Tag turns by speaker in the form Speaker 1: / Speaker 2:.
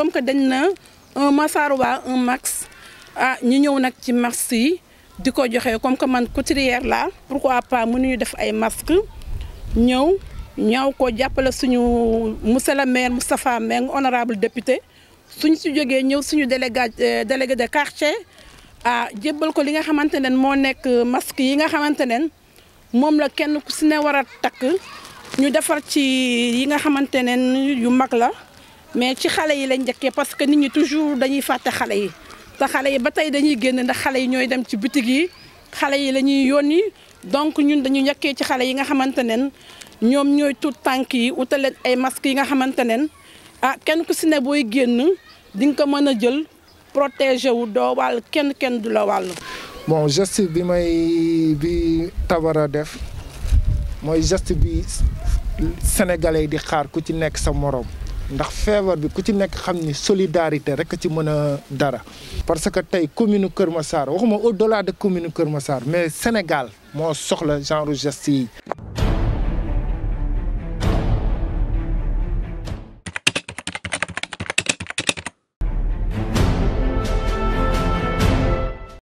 Speaker 1: comme que dañ na un Massarouba un max ah ñu ñëw nag ci masques yi di ko joxe comme que man couturière la pourquoi pas mënuñu def ay masques ñëw ñaw ko jàppale suñu monsieur le maire Moustapha Mbengue honorable député suñ si jógee ñëw suñu délégué euh, délégué de quartier ah jébbal ko li nga xamante ne moo nekk masque yi nga xamante ne moom la kenn ku si ne war a takk ñu defar ci yi nga xamante ne yu mag la. mais ci xalé yi lañ jëkke parce que nit ñi toujours dañuy faté xalé yi ta xalé yi ba tey dañuy gën ndax xalé yi ñoy dem ci boutique yi xalé yi lañuy yoni donc ñun dañu ñëkke ci xalé yi nga xamante ñom ñoy tout tank yi utale ay masque yi nga xamante ah kenn ku si ne booy génn di nga ko mën jël protéger wu do wal kenn kenn du la wàll.
Speaker 2: bon geste bi may bi Tabara def moy geste bi sénégalais di xaar ku ci nekk sa morom ndax feebar bi ku ci nekk xam ni solidarité rek ci mën a dara parce que tey commune Kër Massar waxuma au delà de commune Kër Massar mais Sénégal moo soxla genre geste yi